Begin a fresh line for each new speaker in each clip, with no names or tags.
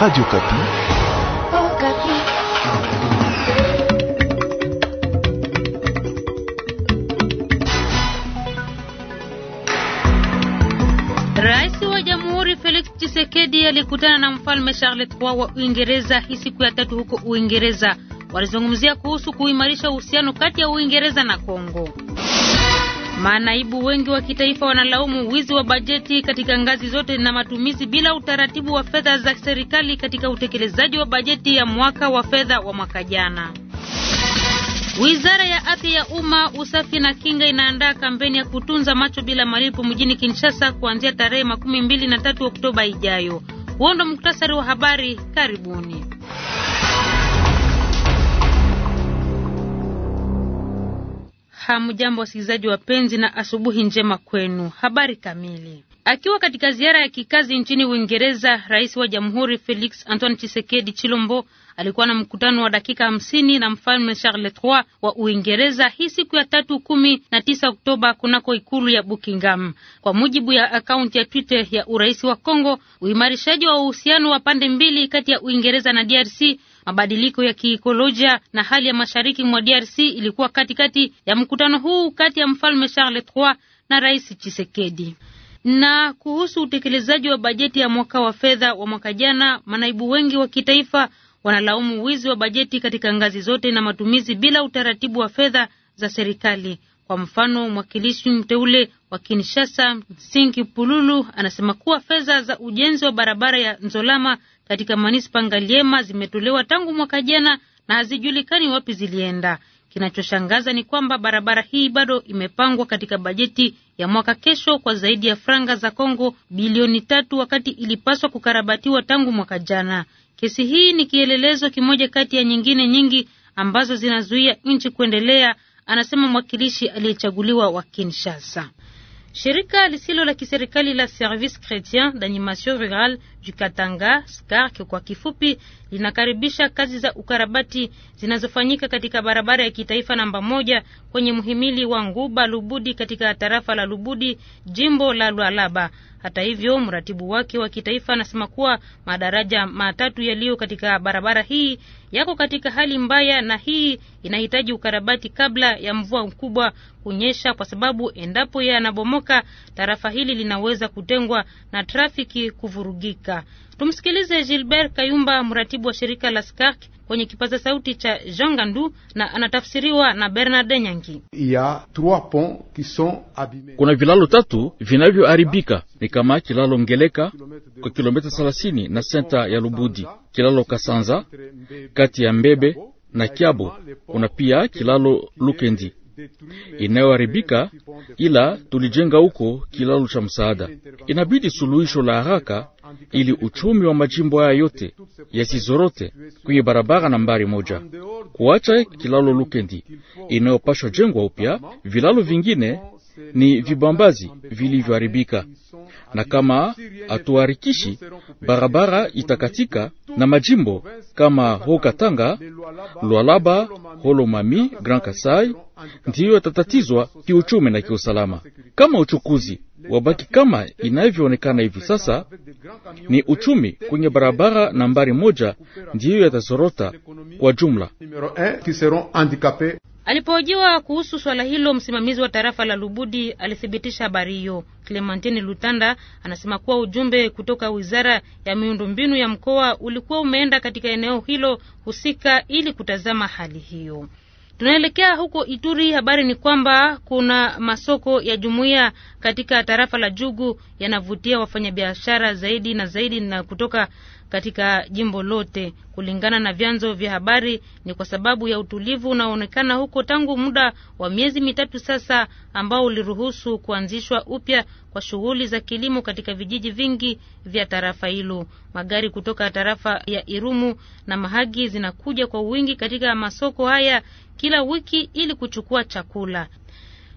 Radio Kapi.
Oh, Kapi.
Rais wa Jamhuri Felix Tshisekedi alikutana na Mfalme Charles III wa Uingereza hii siku ya tatu huko Uingereza. Walizungumzia kuhusu kuimarisha uhusiano kati ya Uingereza na Kongo. Manaibu wengi wa kitaifa wanalaumu wizi wa bajeti katika ngazi zote na matumizi bila utaratibu wa fedha za serikali katika utekelezaji wa bajeti ya mwaka wa fedha wa mwaka jana. Wizara ya Afya ya Umma, Usafi na Kinga inaandaa kampeni ya kutunza macho bila malipo mjini Kinshasa kuanzia tarehe makumi mbili na tatu Oktoba ijayo. Huo ndo muktasari wa habari. Karibuni. Hamjambo wasikilizaji wapenzi, na asubuhi njema kwenu. Habari kamili. Akiwa katika ziara ya kikazi nchini Uingereza, rais wa jamhuri Felix Antoine chisekedi Chilombo alikuwa na mkutano wa dakika hamsini na mfalme Charles III wa Uingereza hii siku ya tatu kumi na tisa Oktoba kunako ikulu ya Buckingham. Kwa mujibu ya akaunti ya Twitter ya urais wa congo uimarishaji wa uhusiano wa pande mbili kati ya Uingereza na DRC mabadiliko ya kiikolojia na hali ya mashariki mwa DRC ilikuwa katikati ya mkutano huu kati ya mfalme Charles III na rais chisekedi Na kuhusu utekelezaji wa bajeti ya mwaka wa fedha wa mwaka jana, manaibu wengi wa kitaifa wanalaumu wizi wa bajeti katika ngazi zote na matumizi bila utaratibu wa fedha za serikali. Kwa mfano, mwakilishi mteule wa Kinshasa sinki Pululu anasema kuwa fedha za ujenzi wa barabara ya Nzolama katika manispa Ngaliema zimetolewa tangu mwaka jana na hazijulikani wapi zilienda. Kinachoshangaza ni kwamba barabara hii bado imepangwa katika bajeti ya mwaka kesho kwa zaidi ya franga za Kongo bilioni tatu wakati ilipaswa kukarabatiwa tangu mwaka jana. Kesi hii ni kielelezo kimoja kati ya nyingine nyingi ambazo zinazuia nchi kuendelea, anasema mwakilishi aliyechaguliwa wa Kinshasa. Shirika lisilo la kiserikali la Service Chretien d'Animation Rurale Jukatanga Skark kwa kifupi, linakaribisha kazi za ukarabati zinazofanyika katika barabara ya kitaifa namba moja kwenye mhimili wa Nguba Lubudi katika tarafa la Lubudi, jimbo la Lualaba. Hata hivyo, mratibu wake wa kitaifa anasema kuwa madaraja matatu yaliyo katika barabara hii yako katika hali mbaya, na hii inahitaji ukarabati kabla ya mvua mkubwa kunyesha, kwa sababu endapo yanabomoka, tarafa hili linaweza kutengwa na trafiki kuvurugika. Afrika. Tumsikilize Gilbert Kayumba, mratibu wa shirika la SCARC kwenye kipaza sauti cha Jean Gandu na anatafsiriwa na Bernard Nyangi.
Kuna vilalo tatu vinavyoharibika ni kama kilalo Ngeleka kwa kilomita 30 na senta ya Lubudi, kilalo Kasanza kati ya Mbebe na Kiabo. Kuna pia kilalo Lukendi inayoharibika ila tulijenga huko kilalo cha msaada. Inabidi suluhisho la haraka ili uchumi wa majimbo haya yote yasizorote kwenye barabara nambari moja, kuacha kilalo Lukendi inayopashwa jengwa upya. Vilalo vingine ni vibambazi vilivyoharibika, na kama hatuharikishi barabara itakatika, na majimbo kama Haut-Katanga, Lualaba, Holomami, Grand Kasai ndiyo yatatatizwa kiuchumi na kiusalama. Kama uchukuzi wabaki kama inavyoonekana hivi sasa. Ni uchumi kwenye barabara nambari moja ndiyo yatazorota kwa jumla.
Alipohojiwa kuhusu swala hilo, msimamizi wa tarafa la Lubudi alithibitisha habari hiyo. Clementine Lutanda anasema kuwa ujumbe kutoka wizara ya miundombinu ya mkoa ulikuwa umeenda katika eneo hilo husika ili kutazama hali hiyo. Tunaelekea huko Ituri. Habari ni kwamba kuna masoko ya jumuiya katika tarafa la Jugu yanavutia wafanyabiashara zaidi na zaidi na kutoka katika jimbo lote. Kulingana na vyanzo vya habari, ni kwa sababu ya utulivu unaoonekana huko tangu muda wa miezi mitatu sasa, ambao uliruhusu kuanzishwa upya kwa shughuli za kilimo katika vijiji vingi vya tarafa hilo. Magari kutoka tarafa ya Irumu na Mahagi zinakuja kwa wingi katika masoko haya kila wiki ili kuchukua chakula.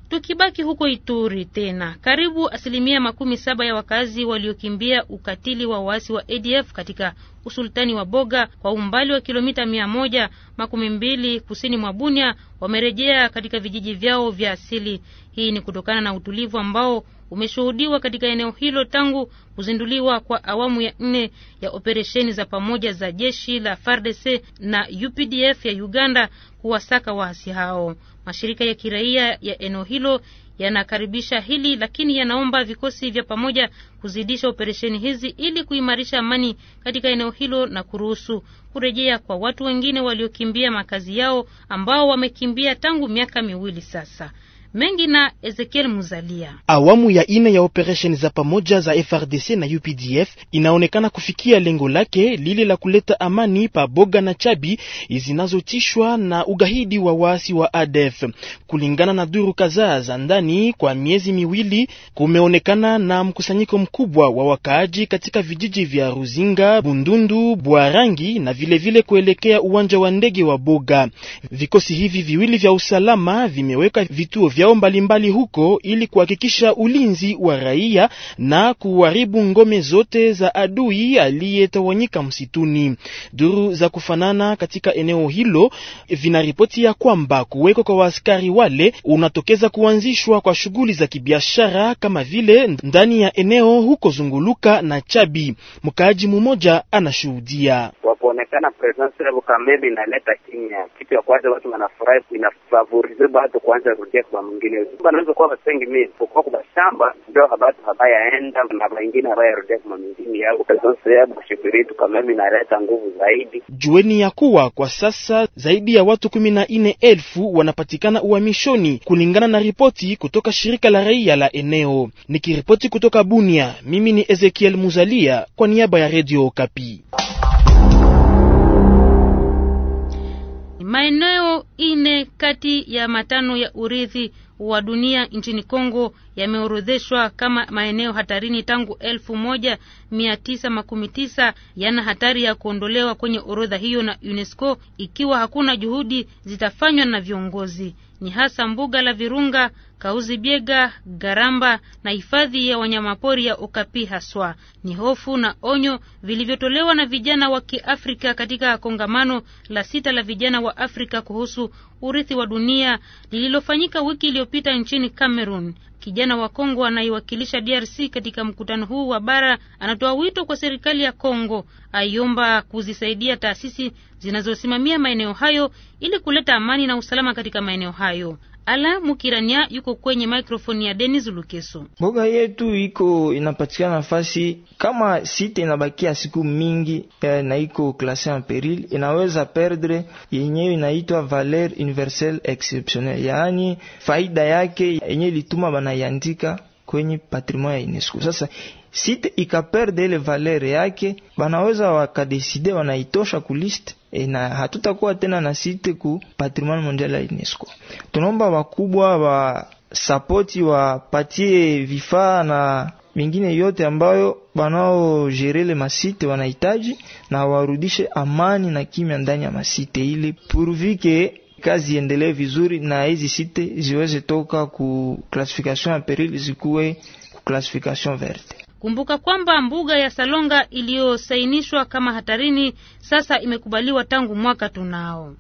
Tukibaki huko Ituri tena, karibu asilimia makumi saba ya wakazi waliokimbia ukatili wa waasi wa ADF katika usultani wa Boga kwa umbali wa kilomita mia moja makumi mbili kusini mwa Bunia wamerejea katika vijiji vyao vya asili. Hii ni kutokana na utulivu ambao umeshuhudiwa katika eneo hilo tangu kuzinduliwa kwa awamu ya nne ya operesheni za pamoja za jeshi la FARDC na UPDF ya Uganda kuwasaka waasi hao. Mashirika ya kiraia ya eneo hilo yanakaribisha hili lakini yanaomba vikosi vya pamoja kuzidisha operesheni hizi ili kuimarisha amani katika eneo hilo na kuruhusu kurejea kwa watu wengine waliokimbia makazi yao ambao wamekimbia tangu miaka miwili sasa mengi na Ezekiel Muzalia.
Awamu ya ine ya operesheni za pamoja za FRDC na UPDF inaonekana kufikia lengo lake lile la kuleta amani pa Boga na Chabi zinazotishwa na ugahidi wa waasi wa ADF. Kulingana na duru kadhaa za ndani, kwa miezi miwili kumeonekana na mkusanyiko mkubwa wa wakaaji katika vijiji vya Ruzinga, Bundundu, Bwarangi na vilevile vile kuelekea uwanja wa ndege wa Boga. Vikosi hivi viwili vya usalama vimeweka vituo vyao mbalimbali huko ili kuhakikisha ulinzi wa raia na kuharibu ngome zote za adui aliyetawanyika msituni. Duru za kufanana katika eneo hilo vinaripoti ya kwamba kuweko kwa waaskari wale unatokeza kuanzishwa kwa shughuli za kibiashara kama vile ndani ya eneo huko Zunguluka na Chabi. Mkaaji mmoja anashuhudia kuonekana presence yao kamili inaleta kimya. Kitu ya kwanza watu wanafurahi, inafavorize bado kuanza rudia kwa mwingine, wanaweza kwa wasengi mimi kwa kwa shamba ndio habatu habayaenda na wengine habayarudia kwa mwingine yao. Presence yao kushikiritu kamili inaleta nguvu zaidi. Jueni ya kuwa kwa sasa zaidi ya watu kumi na elfu wanapatikana uhamishoni kulingana na ripoti kutoka shirika la raia la eneo. Nikiripoti kutoka Bunia, mimi ni Ezekiel Muzalia kwa niaba ya Radio Kapi.
Maeneo ine kati ya matano ya urithi wa dunia nchini Kongo yameorodheshwa kama maeneo hatarini tangu elfu moja mia tisa makumi tisa yana hatari ya kuondolewa kwenye orodha hiyo na UNESCO ikiwa hakuna juhudi zitafanywa na viongozi ni hasa mbuga la Virunga, Kauzi Biega, Garamba na hifadhi ya wanyamapori ya Okapi. Haswa ni hofu na onyo vilivyotolewa na vijana wa Kiafrika katika kongamano la sita la vijana wa Afrika kuhusu urithi wa dunia lililofanyika wiki iliyopita nchini Cameroon. Kijana wa Kongo anayewakilisha DRC katika mkutano huu wa bara anatoa wito kwa serikali ya Kongo, aiomba kuzisaidia taasisi zinazosimamia maeneo hayo ili kuleta amani na usalama katika maeneo hayo. Ala Mukirania yuko kwenye mikrofoni ya Denis Lukeso.
Mboga yetu iko inapatikana nafasi kama site inabakia siku mingi eh, na iko klase en peril, inaweza perdre yenyewe inaitwa valeur universelle exceptionnelle, yaani faida yake yenyewe ilituma banaiandika kwenye patrimoine ya UNESCO. Sasa site ikaperde ile valeur yake, banaweza wakadeside wanaitosha ku list e, na hatutakuwa tena na site ku patrimoine mondial ya UNESCO. Tunaomba wakubwa wa sapoti wapatie vifaa na mingine yote ambayo wanaogerele masite wanahitaji, na warudishe amani na kimya ndani ya masite ili purvike kazi iendelee vizuri na hizi site ziweze toka ku classification ya peril zikuwe ku classification verte.
Kumbuka kwamba mbuga ya Salonga iliyosainishwa kama hatarini sasa imekubaliwa tangu mwaka tunao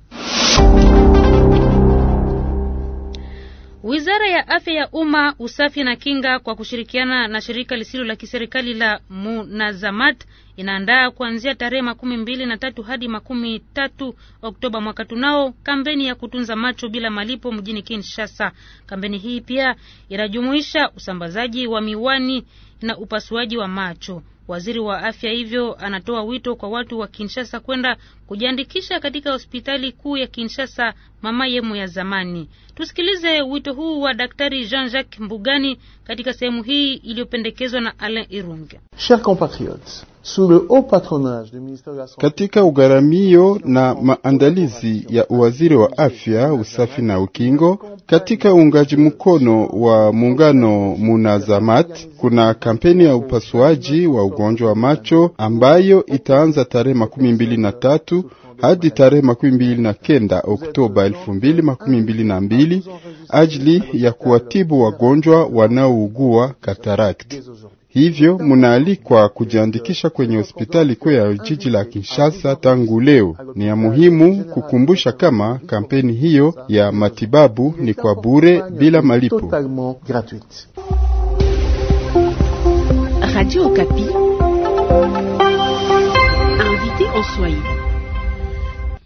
Wizara ya afya ya umma, usafi na kinga kwa kushirikiana na shirika lisilo la kiserikali la Munazamat inaandaa kuanzia tarehe makumi mbili na tatu hadi makumi tatu Oktoba mwaka tunao kampeni ya kutunza macho bila malipo mjini Kinshasa. Kampeni hii pia inajumuisha usambazaji wa miwani na upasuaji wa macho. Waziri wa afya hivyo anatoa wito kwa watu wa Kinshasa kwenda kujiandikisha katika hospitali kuu ya Kinshasa mama yemu ya zamani. Tusikilize wito huu wa Daktari Jean-Jacques Mbugani katika sehemu hii iliyopendekezwa na Alain Irunge.
Chers compatriotes katika ugharamio na maandalizi ya uwaziri wa afya, usafi na ukingo. Katika uungaji mkono wa muungano Munazamat, kuna kampeni ya upasuaji wa ugonjwa wa macho ambayo itaanza tarehe makumi mbili na tatu hadi tarehe makumi mbili na kenda Oktoba elfu mbili makumi mbili na mbili ajili ya kuwatibu wagonjwa wanaougua katarakti. Hivyo munaalikwa kujiandikisha kwenye hospitali kuu ya jiji la Kinshasa tangu leo. Ni ya muhimu kukumbusha kama kampeni hiyo ya matibabu ni kwa bure bila malipo.
Radio Okapi.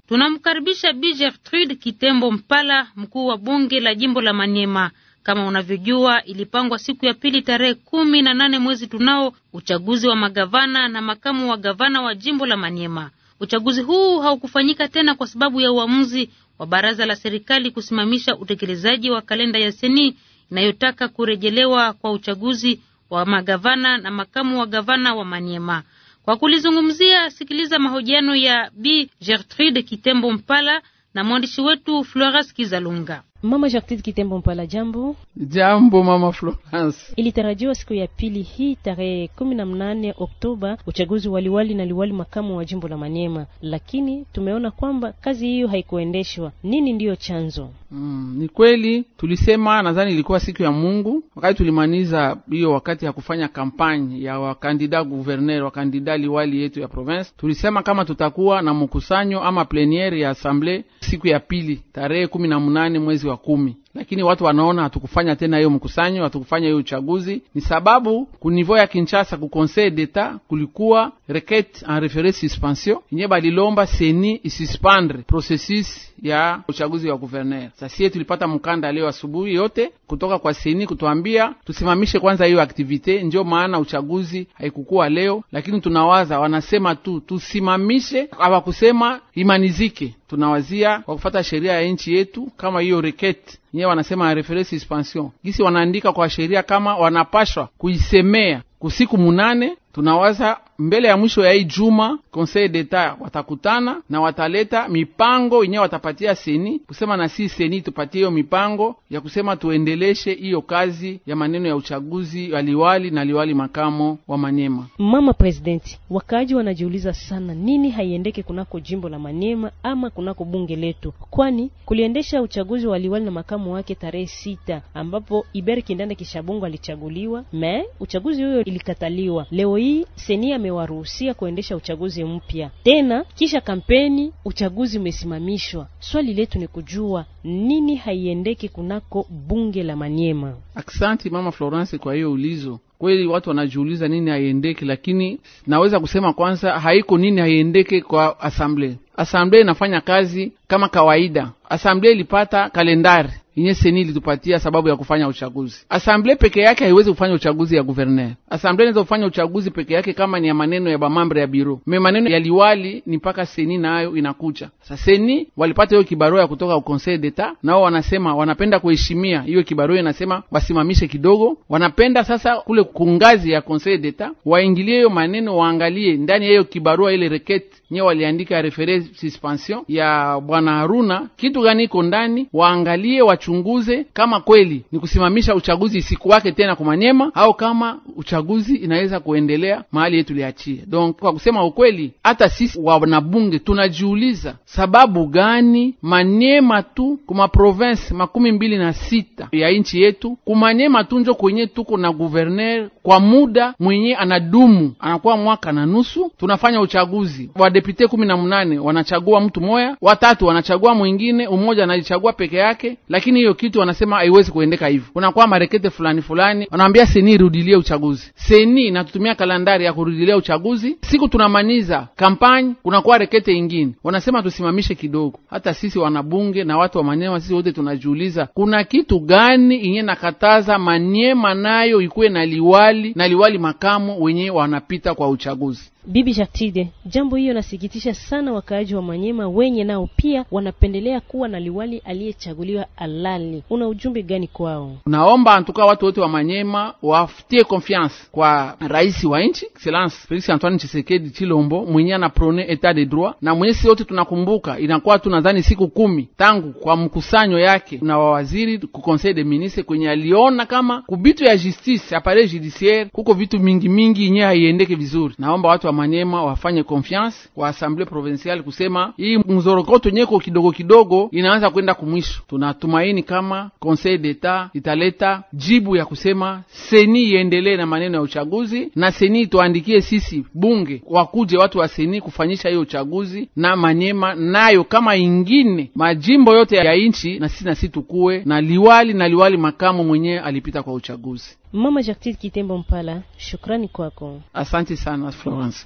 Tunamkaribisha Bi Gertrude Kitembo Mpala, mkuu wa bunge la jimbo la manema kama unavyojua, ilipangwa siku ya pili tarehe kumi na nane mwezi tunao uchaguzi wa magavana na makamu wa gavana wa jimbo la Maniema. Uchaguzi huu haukufanyika tena kwa sababu ya uamuzi wa baraza la serikali kusimamisha utekelezaji wa kalenda ya seni inayotaka kurejelewa kwa uchaguzi wa magavana na makamu wa gavana wa Maniema. Kwa kulizungumzia, sikiliza mahojiano ya Bi Gertrude Kitembo Mpala na mwandishi wetu Florence Kizalunga.
Mama Jacques Kitembo Mpala, jambo. Jambo mama
Florence.
Ilitarajiwa siku ya pili hii tarehe kumi na mnane Oktoba uchaguzi wa liwali na liwali makamu wa jimbo la Maniema, lakini tumeona kwamba kazi hiyo haikuendeshwa. Nini ndiyo chanzo?
Mm, ni kweli tulisema, nadhani ilikuwa siku ya Mungu wakati tulimaniza hiyo, wakati ya kufanya kampanye ya wakandida guverner, wakandida liwali yetu ya province, tulisema kama tutakuwa na mkusanyo ama pleniere ya assemble siku ya pili tarehe kumi na mnane mwezi wa kumi lakini watu wanaona hatukufanya tena hiyo mkusanyo hatukufanya hiyo uchaguzi ni sababu ku niveau ya kinshasa ku conseil d'etat kulikuwa requete en refere suspension yenye balilomba seni isuspendre processus ya uchaguzi wa guverner sasie tulipata mkanda leo asubuhi yote kutoka kwa seni kutuambia tusimamishe kwanza hiyo aktivite ndio maana uchaguzi haikukuwa leo lakini tunawaza wanasema tu tusimamishe hawakusema imanizike tunawazia kwa kufata sheria ya nchi yetu kama hiyo requete nyewe wanasema reference suspension gisi wanaandika kwa sheria kama wanapashwa kuisemea kusiku munane tunawaza mbele ya mwisho ya hii juma Conseil d'Etat watakutana na wataleta mipango yenye watapatia seni kusema na si seni tupatie hiyo mipango ya kusema tuendeleshe hiyo kazi ya maneno ya uchaguzi waliwali na liwali makamo wa Manyema.
Mama presidenti, wakaaji wanajiuliza sana nini haiendeke kunako jimbo la Manyema ama kunako bunge letu, kwani kuliendesha uchaguzi wa liwali na makamo wake tarehe sita ambapo Iberi Kindanda Kishabungu alichaguliwa me uchaguzi huyo ilikataliwa. Leo hii seni ame amewaruhusia kuendesha uchaguzi mpya tena. Kisha kampeni, uchaguzi umesimamishwa. Swali letu ni kujua nini haiendeki kunako bunge la Manyema. Aksanti mama
Florence kwa hiyo ulizo Kweli watu wanajiuliza nini haiendeki, lakini naweza kusema kwanza, haiko nini haiendeki kwa asamble. Asamble inafanya kazi kama kawaida. Asamble ilipata kalendari inye seni ilitupatia sababu ya kufanya uchaguzi. Asamble peke yake haiwezi kufanya uchaguzi ya guverner. Asamble inaweza kufanya uchaguzi peke yake kama ni ya maneno ya bamambre ya biro me maneno ya liwali ni mpaka seni nayo inakucha. Sa seni walipata hiyo kibarua ya kutoka ukonseil d'etat, nao wanasema wanapenda kuheshimia hiyo kibarua, inasema wasimamishe kidogo. Wanapenda sasa kule kungazi ya Conseil d'Etat waingilie hiyo maneno, waangalie ndani ya hiyo kibarua ile reketi nye waliandika refere suspension ya bwana Haruna, kitu gani iko ndani, waangalie wachunguze, kama kweli ni kusimamisha uchaguzi wake tena kumanyema au kama uchaguzi inaweza kuendelea mahali yetu liachie. Donc kwa kusema ukweli, hata sisi wanabunge tunajiuliza sababu gani Manyema tu kuma province makumi mbili na sita ya nchi yetu, kumanyema tu njo kwenye tuko na guverner kwa muda mwenye anadumu anakuwa mwaka na nusu, tunafanya uchaguzi Wade madepute kumi na munane wanachagua mtu moya, watatu wanachagua mwingine, umoja anajichagua peke yake. Lakini hiyo kitu wanasema haiwezi kuendeka hivyo, kunakuwa marekete fulani fulani. Wanaambia seni irudilie uchaguzi, seni inatutumia kalandari ya kurudilia uchaguzi. Siku tunamaniza kampanyi, kunakuwa rekete ingine, wanasema tusimamishe kidogo. Hata sisi wanabunge na watu wa manyema sisi wote tunajiuliza kuna kitu gani inye nakataza manyema
nayo ikuwe na liwali na liwali makamo wenyewe wanapita kwa uchaguzi. Bibi Jatide, jambo hiyo nasikitisha sana wakaaji wa Manyema wenye nao pia wanapendelea kuwa na liwali aliyechaguliwa alali. Una ujumbe gani kwao?
Naomba antuka watu wote wa Manyema wafutie confiance kwa rais wa nchi Excellence Felix Antoine Tshisekedi Chilombo mwenye anaprone etat de droit na mwenye si wote tunakumbuka, inakuwa tu nadhani siku kumi tangu kwa mkusanyo yake na wawaziri ku conseil de ministre kwenye aliona kama kubitu ya justice appareil judiciaire kuko vitu mingi mingi yenye haiendeke vizuri. Naomba watu wa Manyema wafanye konfiansi kwa asamble provinciale kusema hii mzorokoto nyeko kidogo kidogo inaanza kwenda kumwisho. Tunatumaini kama Conseil d'Etat italeta jibu ya kusema seni iendelee na maneno ya uchaguzi na seni tuandikie sisi bunge wakuje watu wa seni kufanyisha hiyo uchaguzi na Manyema nayo kama ingine majimbo yote ya inchi, na sisi na sisi tukuwe na liwali na liwali makamu mwenyewe alipita kwa uchaguzi.
Mama Jacqueline Kitembo Mpala, shukrani kwako.
Asante sana Florence.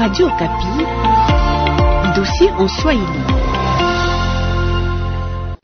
Radio Kapi, dossier en Swahili.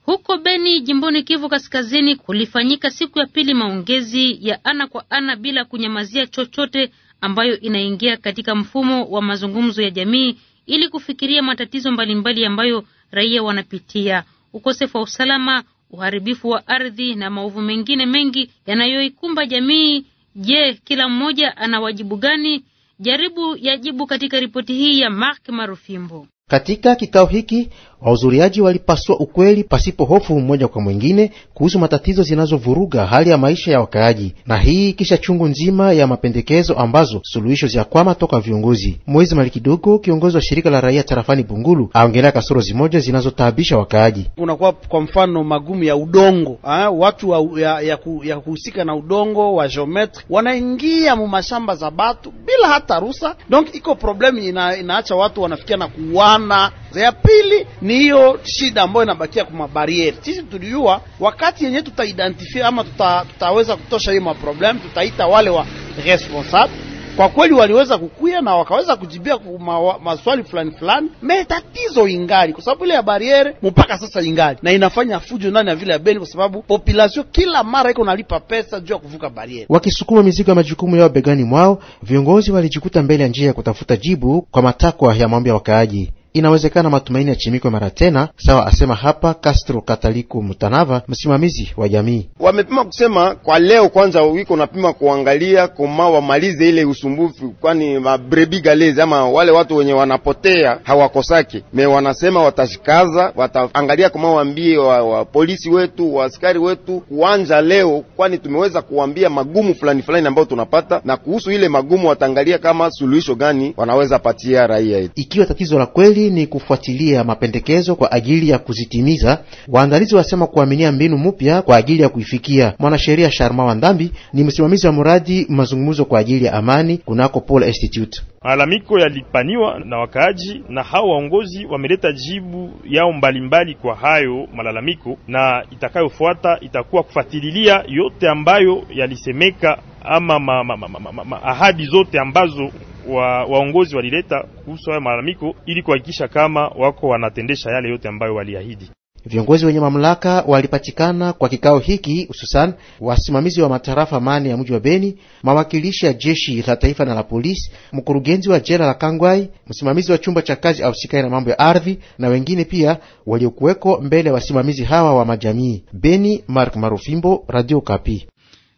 Huko Beni jimboni Kivu Kaskazini kulifanyika siku ya pili maongezi ya ana kwa ana bila kunyamazia chochote ambayo inaingia katika mfumo wa mazungumzo ya jamii ili kufikiria matatizo mbalimbali ambayo raia wanapitia: ukosefu wa usalama, uharibifu wa ardhi na maovu mengine mengi yanayoikumba jamii. Je, kila mmoja ana wajibu gani? Jaribu yajibu katika ripoti hii ya Mark Marufimbo.
Katika kikao hiki wahudhuriaji walipaswa ukweli pasipo hofu mmoja kwa mwingine kuhusu matatizo zinazovuruga hali ya maisha ya wakaaji, na hii kisha chungu nzima ya mapendekezo ambazo suluhisho za kwama toka viongozi. Mwezi malikidogo kiongozi wa shirika la raia tarafani Bungulu aongelea kasoro zimoja zinazotaabisha wakaaji.
Kunakuwa kwa mfano magumu ya udongo ha? Ah, watu wa, ya, ya, ku, ya kuhusika na udongo wa geometre wanaingia mumashamba za batu bila hata rusa, donc iko problemu ina, inaacha watu wanafikia na kuwana namna ya pili ni hiyo shida ambayo inabakia kwa mabarieri. Sisi tulijua wakati yenyewe tutaidentify ama tuta, tutaweza kutosha hiyo maproblem, tutaita wale wa responsable. Kwa kweli waliweza kukuya na wakaweza kujibia kuma, maswali fulani fulani, me tatizo ingali, kwa sababu ile ya bariere mpaka sasa ingali na inafanya fujo ndani ya vile ya Beni, kwa sababu population kila mara iko nalipa pesa juu ya kuvuka bariere.
Wakisukuma mizigo ya majukumu yao begani mwao, viongozi walijikuta mbele ya njia ya kutafuta jibu kwa matakwa ya mambo ya wakaaji inawezekana matumaini ya chimikwe mara tena, sawa asema hapa Castro Kataliku Mutanava, msimamizi wa jamii.
Wamepima kusema kwa leo kwanza, wiko napima kuangalia koma wamalize ile usumbufu, kwani mabrebi galezi ama wale watu wenye wanapotea hawakosaki me, wanasema watashikaza, wataangalia koma waambie wa, wa polisi wetu wa askari wetu kuanza leo, kwani tumeweza kuambia magumu fulani fulani ambayo tunapata, na kuhusu ile magumu wataangalia kama suluhisho gani wanaweza patia raia yetu, ikiwa tatizo
la kweli ni kufuatilia mapendekezo kwa ajili ya kuzitimiza. Waandalizi wasema kuaminia mbinu mpya kwa ajili ya kuifikia. Mwanasheria Sharma Wandambi ni msimamizi wa mradi mazungumzo kwa ajili ya amani kunako Paul Institute.
Malalamiko yalipaniwa na wakaaji na hao waongozi wameleta jibu yao mbalimbali kwa hayo malalamiko, na itakayofuata itakuwa kufuatilia yote ambayo yalisemeka ama ma, ma, ma, ma, ma, ma, ahadi zote ambazo wa, waongozi walileta kuhusu haya malalamiko ili kuhakikisha kama wako wanatendesha yale yote ambayo waliahidi.
Viongozi wenye mamlaka walipatikana kwa kikao hiki, hususan wasimamizi wa matarafa mane ya mji wa Beni, mawakilishi ya jeshi la taifa na la polisi, mkurugenzi wa jela la Kangwai, msimamizi wa chumba cha kazi ausikai na mambo ya ardhi na wengine pia waliokuweko mbele ya wasimamizi hawa wa majamii. Beni, Mark Marufimbo, Radio Kapi.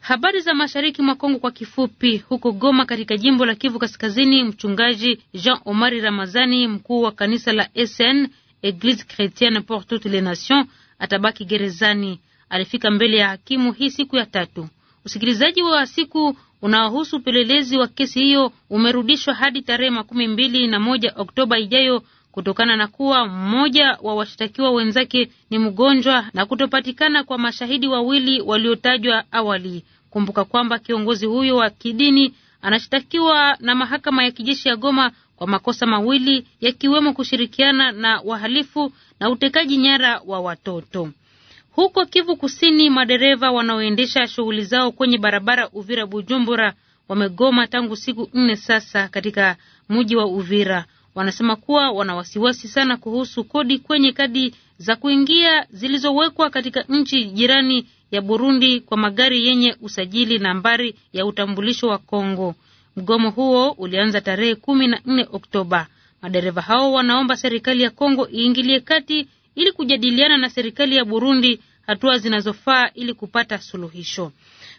Habari za mashariki mwa Kongo kwa kifupi. Huko Goma katika jimbo la Kivu Kaskazini, mchungaji Jean Omari Ramazani, mkuu wa kanisa la SN Eglise Chretienne pour toutes les Nations, atabaki gerezani. Alifika mbele ya hakimu hii siku ya tatu. Usikilizaji wa siku unaohusu upelelezi wa kesi hiyo umerudishwa hadi tarehe makumi mbili na moja Oktoba ijayo kutokana na kuwa mmoja wa washtakiwa wenzake ni mgonjwa na kutopatikana kwa mashahidi wawili waliotajwa awali. Kumbuka kwamba kiongozi huyo wa kidini anashtakiwa na mahakama ya kijeshi ya Goma kwa makosa mawili yakiwemo kushirikiana na wahalifu na utekaji nyara wa watoto. Huko Kivu Kusini, madereva wanaoendesha shughuli zao kwenye barabara Uvira Bujumbura wamegoma tangu siku nne sasa katika mji wa Uvira wanasema kuwa wana wasiwasi sana kuhusu kodi kwenye kadi za kuingia zilizowekwa katika nchi jirani ya Burundi kwa magari yenye usajili nambari ya utambulisho wa Kongo. Mgomo huo ulianza tarehe kumi na nne Oktoba. Madereva hao wanaomba serikali ya Kongo iingilie kati ili kujadiliana na serikali ya Burundi hatua zinazofaa ili kupata suluhisho.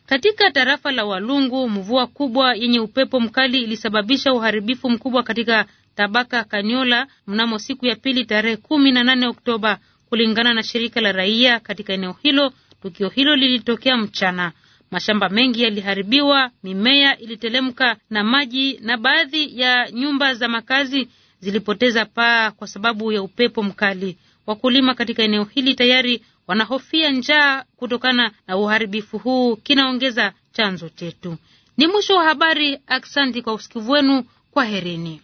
Katika tarafa la Walungu, mvua kubwa yenye upepo mkali ilisababisha uharibifu mkubwa katika Tabaka Kanyola mnamo siku ya pili tarehe kumi na nane Oktoba, kulingana na shirika la raia katika eneo hilo. Tukio hilo lilitokea mchana. Mashamba mengi yaliharibiwa, mimea ilitelemka na maji, na baadhi ya nyumba za makazi zilipoteza paa kwa sababu ya upepo mkali. Wakulima katika eneo hili tayari wanahofia njaa kutokana na uharibifu huu, kinaongeza chanzo chetu. Ni mwisho wa habari. Aksanti kwa usikivu wenu, kwaherini.